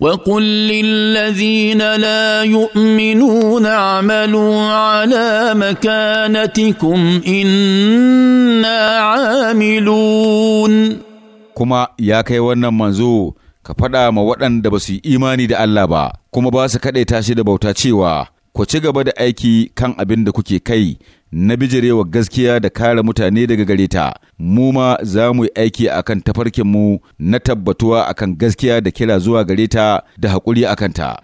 وقل للذين لا يؤمنون اعملوا على مكانتكم انا عاملون kuma ya kai wannan manzo ka faɗa ma waɗanda ba su yi imani da Allah ba kuma ba su kaɗaita shi da bauta cewa ku ci gaba da aiki kan abin da kuke kai na bijirewa gaskiya da kare mutane daga gareta mu ma za mu yi aiki a kan tafarkinmu na tabbatuwa a kan gaskiya da kira zuwa gareta da haƙuri a kanta.